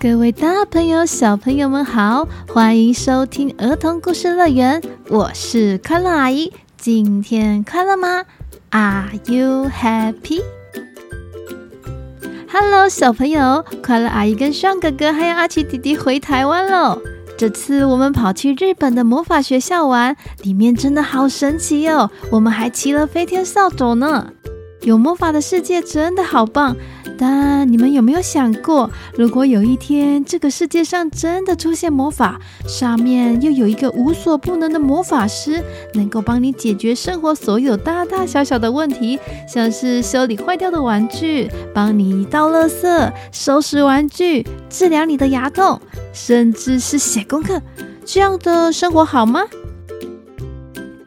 各位大朋友、小朋友們好，歡迎收聽兒童故事樂園，我是快樂阿姨。今天快樂嗎？Are you happy? Hello，小朋友，快樂阿姨跟雙哥哥還有阿奇弟弟回台灣嘍。這次我們跑去日本的魔法學校玩，裡面真的好神奇哦！我們還騎了飛天掃帚呢，有魔法的世界真的好棒。但你們有沒有想過，如果有一天這個世界上真的出現魔法，上面又有一個無所不能的魔法師，能夠幫你解決生活所有大大小小的問題，像是修理壞掉的玩具、幫你倒垃圾、收拾玩具、治療你的牙痛，甚至是寫功課，這樣的生活好嗎？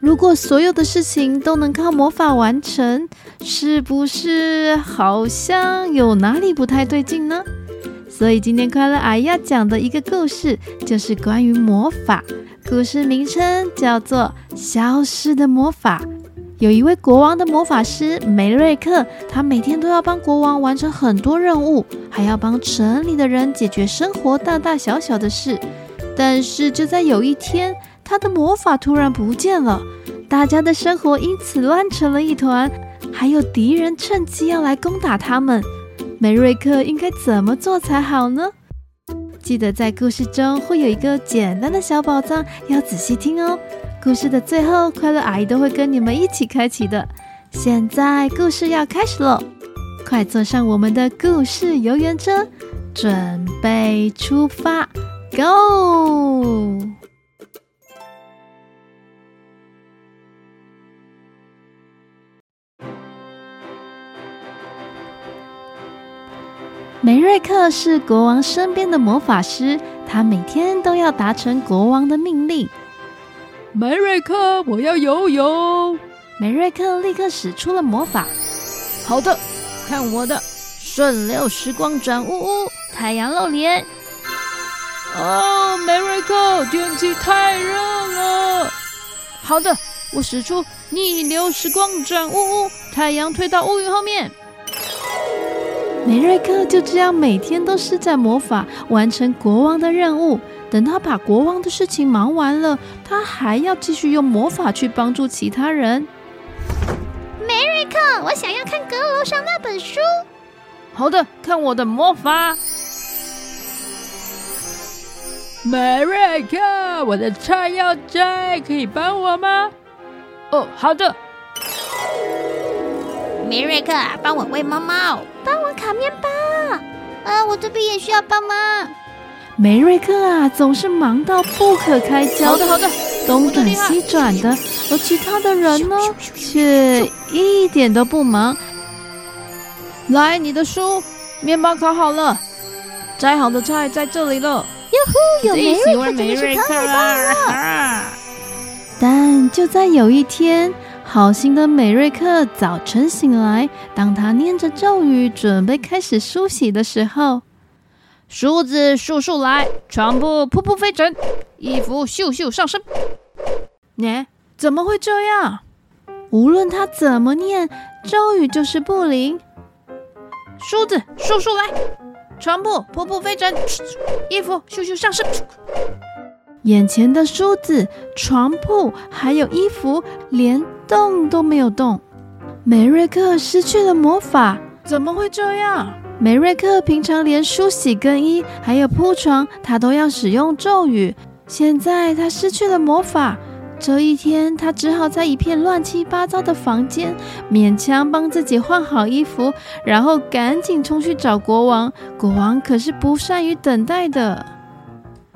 如果所有的事情都能靠魔法完成。是不是好像有哪裡不太對勁呢？所以今天快樂阿姨要講的一個故事就是關於魔法。故事名稱叫做《消失的魔法》。有一位國王的魔法師梅瑞克，他每天都要幫國王完成很多任務，還要幫城裡的人解決生活大大小小的事。但是就在有一天，他的魔法突然不見了，大家的生活因此亂成了一團。還有敵人趁機要來攻打他們，梅瑞克應該怎麼做才好呢？記得在故事中會有一個簡單的小寶藏，要仔細聽哦。故事的最後，快樂阿姨都會跟你們一起開啟的。現在故事要開始囉，快坐上我們的故事遊園車，準備出發，Go！梅瑞克是國王身邊的魔法師，他每天都要達成國王的命令。梅瑞克，我要游泳。梅瑞克立刻使出了魔法。好的，看我的順流時光轉，嗚嗚，太陽露臉。哦，梅瑞克，天氣太熱了。好的，我使出逆流時光轉，嗚嗚，太陽推到烏雲後面。梅瑞克就這樣每天都施展魔法完成國王的任務。等他把國王的事情忙完了，他還要繼續用魔法去幫助其他人。梅瑞克，我想要看閣樓上那本書。好的，看我的魔法。梅瑞克，我的菜要摘，可以幫我嗎？哦，好的。梅瑞克，幫我餵貓貓。幫我烤麵包，啊，我這邊也需要幫忙。梅瑞克啊，總是忙到不可開交。好的好的，東轉西轉的，我的，而其他的人呢，卻一點都不忙。來，你的書，麵包烤好了，摘好的菜在這裡了。喲呼，有梅瑞克真的是太棒了，啊啊。但就在有一天，好心的梅瑞克早晨醒來，當他念着咒語準備開始梳洗的時候，梳子豎豎來，床鋪鋪鋪飛塵，衣服秀秀上身。哎、欸，怎麼會這樣？無論他怎麼念咒語，就是不靈。梳子豎豎來，床鋪鋪鋪飛塵，衣服秀秀上身。眼前的梳子、床鋪還有衣服，連動都沒有動。梅瑞克失去了魔法，怎麼會這樣？梅瑞克平常連梳洗、更衣還有鋪床，他都要使用咒語。現在他失去了魔法，這一天他只好在一片亂七八糟的房間，勉強幫自己換好衣服，然後趕緊衝去找國王。國王可是不善於等待的。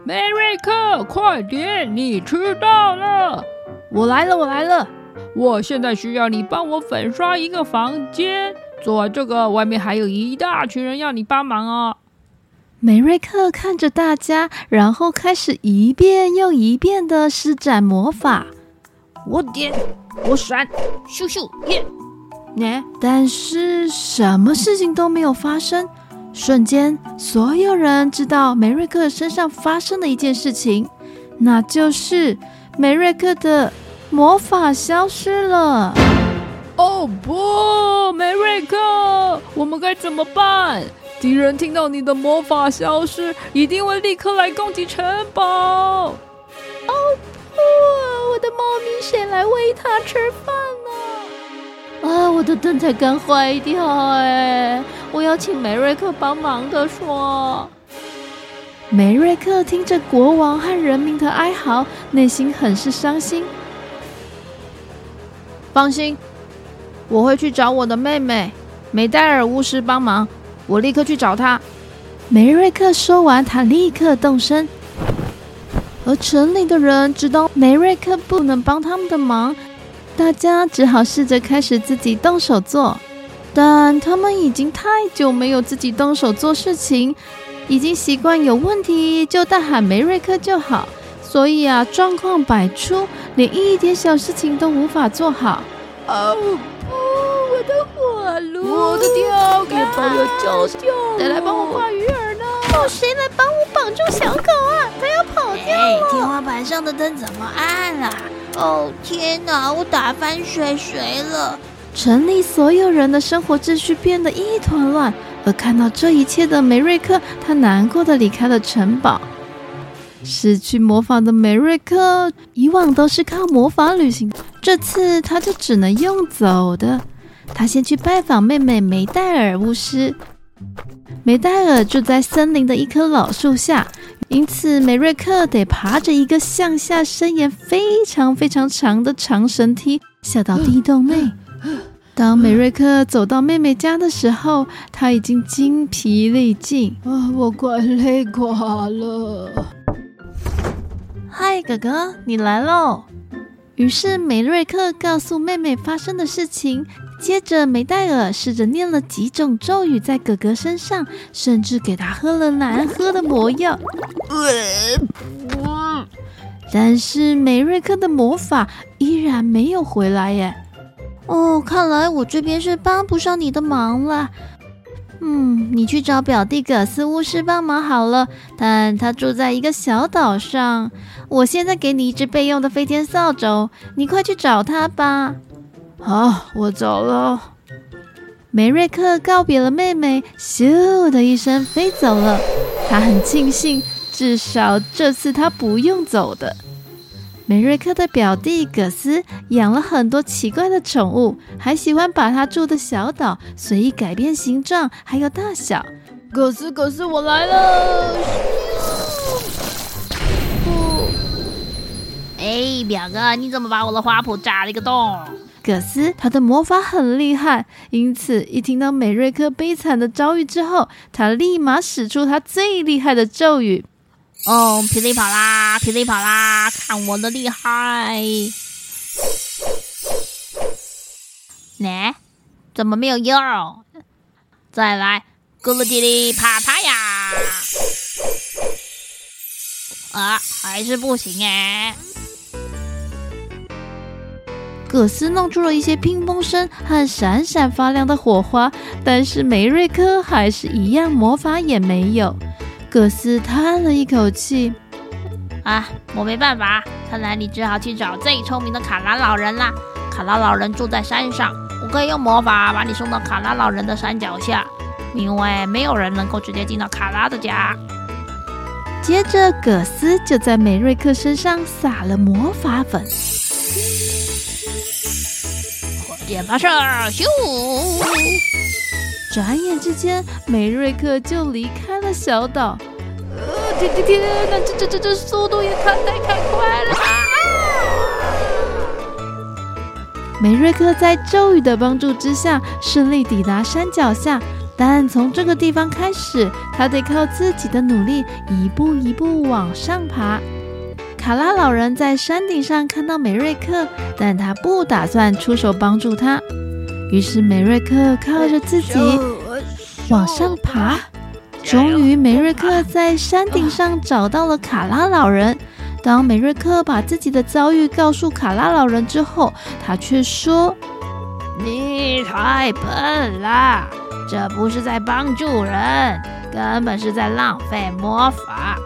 梅瑞克，快點！你遲到了。我來了，我來了。我現在需要你幫我粉刷一個房間。做完這個，外面還有一大群人要你幫忙啊、哦。梅瑞克看着大家，然後開始一遍又一遍的施展魔法。我點，我閃，咻咻耶！吶，但是什麼事情都沒有發生。瞬間，所有人知道梅瑞克身上發生的一件事情，那就是梅瑞克的魔法消失了。哦不，梅瑞克，我們該怎麼辦？敵人聽到你的魔法消失，一定會立刻來攻擊城堡。哦不，我的貓咪誰來餵它吃飯。啊、哦！我的燈才剛壞掉哎！我要請梅瑞克幫忙的說。梅瑞克聽着國王和人民的哀嚎，內心很是傷心。放心，我會去找我的妹妹梅黛爾巫師幫忙。我立刻去找她。梅瑞克說完，他立刻動身。而城裡的人知道梅瑞克不能幫他們的忙，大家只好試着開始自己動手做，但他們已經太久沒有自己動手做事情，已經習慣有問題就大喊梅瑞克就好，所以啊，狀況百出，連一點小事情都無法做好。啊哦，哦，我的火爐！我的釣竿！魚鈎要掉了！誰來幫我掛魚餌呢？誰來幫我綁住小狗啊？他要跑掉了！哎，天花板上的燈怎麼暗啦？哦天哪！我打翻水水了！城裡所有人的生活秩序變得一團亂。而看到這一切的梅瑞克，他難過的離開了城堡。失去魔法的梅瑞克，以往都是靠魔法旅行，這次他就只能用走的。他先去拜訪妹妹梅戴爾巫師。梅戴爾住在森林的一棵老樹下。因此，梅瑞克得爬着一個向下伸延非常非常長的長繩梯下到地洞內。當梅瑞克走到妹妹家的時候，他已經筋疲力盡。啊，我快累垮了。嗨，哥哥，你來嘍！於是，梅瑞克告訴妹妹發生的事情。接着，梅戴爾試着念了幾種咒語在哥哥身上，甚至給他喝了難喝的魔藥、呃。但是梅瑞克的魔法依然沒有回來耶。哦，看來我這邊是幫不上你的忙了。嗯，你去找表弟葛斯巫師幫忙好了，但他住在一個小島上。我現在給你一支備用的飛天掃帚，你快去找他吧。好、哦，我走了。梅瑞克告別了妹妹，咻的一聲飛走了。他很慶幸，至少這次他不用走的。梅瑞克的表弟葛斯養了很多奇怪的寵物，還喜歡把他住的小島隨意改變形狀，還有大小。葛斯，葛斯，我來了！咻！哎，表哥，你怎麼把我的花圃炸了一個洞？葛斯，他的魔法很厲害，因此一聽到美瑞克悲慘的遭遇之後，他立馬使出他最厲害的咒語。哦，噼哩啪啦，噼哩啪啦，看我的厲害！哪？怎麼沒有用？再來，咕嚕嘀哩啪啪呀！啊，還是不行哎。葛斯弄出了一些乒乓聲和閃閃發亮的火花，但是梅瑞克還是一樣魔法也沒有。葛斯嘆了一口氣：“啊，我沒辦法，看來你只好去找最聰明的卡拉老人啦。卡拉老人住在山上，我可以用魔法把你送到卡拉老人的山腳下，因為沒有人能夠直接進到卡拉的家。”接着，葛斯就在梅瑞克身上撒了魔法粉。點發射，咻！轉眼之間，梅瑞克就離開了小島。天、呃、天天，這這這這速度也太太快了、啊！梅瑞克在咒語的幫助之下，順利抵達山腳下。但從這個地方開始，他得靠自己的努力，一步一步往上爬。卡拉老人在山頂上看到梅瑞克，但他不打算出手幫助他。於是梅瑞克靠着自己往上爬。終於，梅瑞克在山頂上找到了卡拉老人。當梅瑞克把自己的遭遇告訴卡拉老人之後，他卻說：“你太笨了，這不是在幫助人，根本是在浪費魔法。”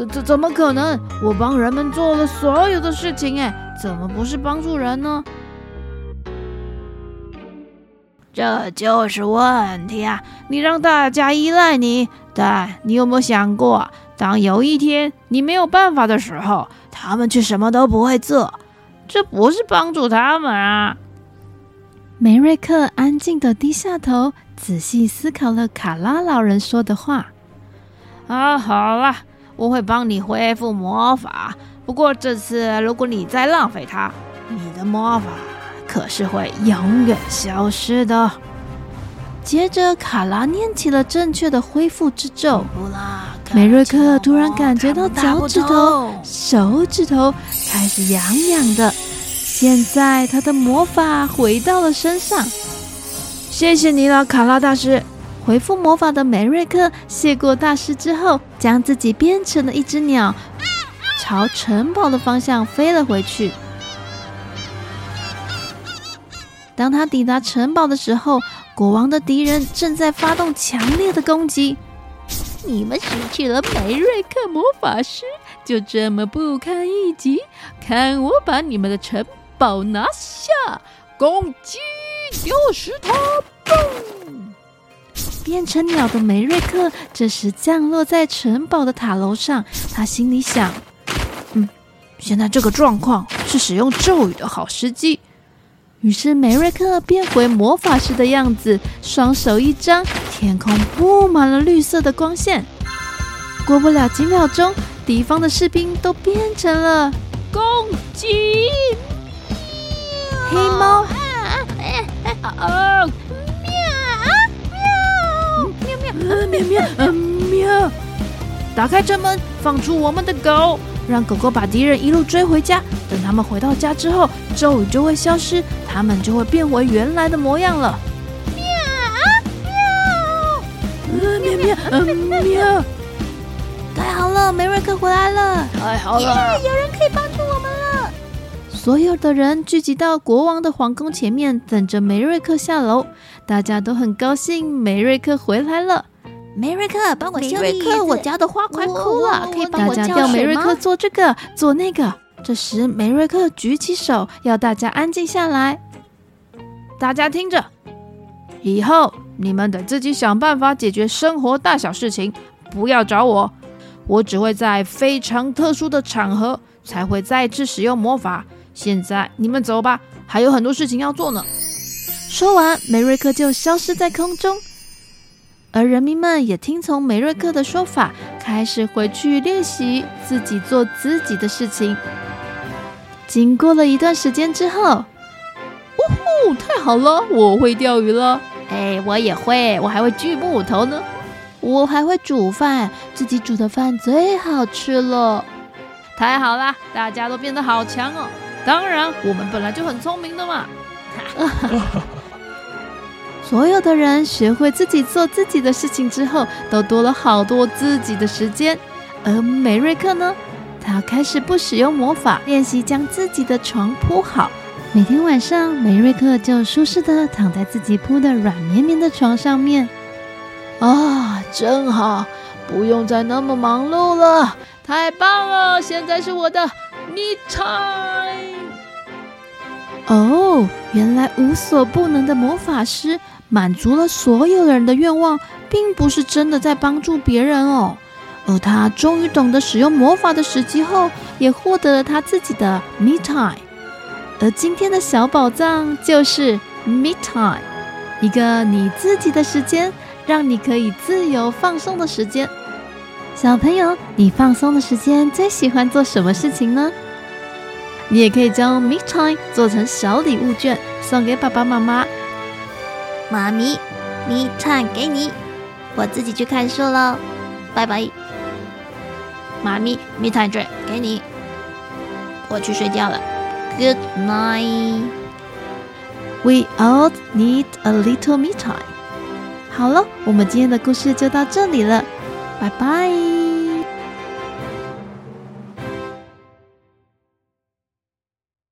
這這怎麼可能？我幫人們做了所有的事情，誒，怎麼不是幫助人呢？這就是問題啊！你讓大家依賴你，但你有沒有想過，當有一天你沒有辦法的時候，他們卻什麼都不會做？這不是幫助他們啊！梅瑞克安靜的低下頭，仔細思考了卡拉老人說的話。啊，好了。我會幫你恢復魔法，不過這次如果你再浪費它，你的魔法可是會永遠消失的。接着，卡拉念起了正確的恢復之咒。梅瑞克突然感覺到腳趾頭他、手指頭開始癢癢的，現在他的魔法回到了身上。謝謝你了，卡拉大師。恢復魔法的梅瑞克謝過大師之後將自己變成了一隻鳥，朝城堡的方向飛了回去。當他抵達城堡的時候，國王的敵人正在發動強烈的攻擊。 你們失去了梅瑞克魔法師，就這麼不堪一擊！看我把你們的城堡拿下！攻擊！丟石頭！嘣！變成鳥的梅瑞克這時降落在城堡的塔樓上，他心裡想：“嗯，現在這個狀況是使用咒語的好時機。”於是梅瑞克變回魔法師的樣子，雙手一張，天空布滿了綠色的光線。過不了幾秒鐘，敵方的士兵都變成了公雞、黑貓。啊哎哎哎啊啊呃、喵喵、呃，喵！打開車門，放出我們的狗，讓狗狗把敵人一路追回家。等他們回到家之後，咒語就會消失，他們就會變回原來的模樣了。喵，喵，呃、喵喵、呃，喵！太好了，梅瑞克回來了！太好了，有人可以幫。所有的人聚集到國王的皇宮前面，等着梅瑞克下樓。大家都很高興梅瑞克回來了。梅瑞克，幫我修椅子。梅瑞克，我家的花快枯了，可以幫我澆什麼嗎？大家叫梅瑞克做這個，做那個。這時，梅瑞克舉起手，要大家安靜下來。大家聽着，以後你們得自己想辦法解決生活大小事情，不要找我。我只會在非常特殊的場合才會再次使用魔法。現在你們走吧，還有很多事情要做呢。說完，梅瑞克就消失在空中，而人民們也聽從梅瑞克的說法，開始回去練習自己做自己的事情。經過了一段時間之後，嗚呼，太好了，我會釣魚了！哎，我也會，我還會鋸木頭呢，我還會煮飯，自己煮的飯最好吃了。太好了，大家都變得好強哦！當然，我們本來就很聰明的嘛！ 所有的人學會自己做自己的事情之後，都多了好多自己的時間。而梅瑞克呢，他開始不使用魔法，練習將自己的床鋪好。每天晚上，梅瑞克就舒適的躺在自己鋪的軟綿綿的床上面。啊、哦，真好，不用再那麼忙碌了，太棒了！現在是我的 n i t time Me time。Mita! 哦，原來無所不能的魔法師滿足了所有人的願望，並不是真的在幫助別人哦。而他終於懂得使用魔法的時機後，也獲得了他自己的 me time。而今天的小寶藏就是 me time，一個你自己的時間，讓你可以自由放鬆的時間。小朋友，你放鬆的時間最喜歡做什麼事情呢？你也可以將 me time 做成小禮物券送給爸爸媽媽。媽咪，me time 給你，我自己去看書了，拜拜。媽咪，me time 券給你，我去睡覺了，good night。We all need a little me time。好了，我們今天的故事就到這裡了，拜拜。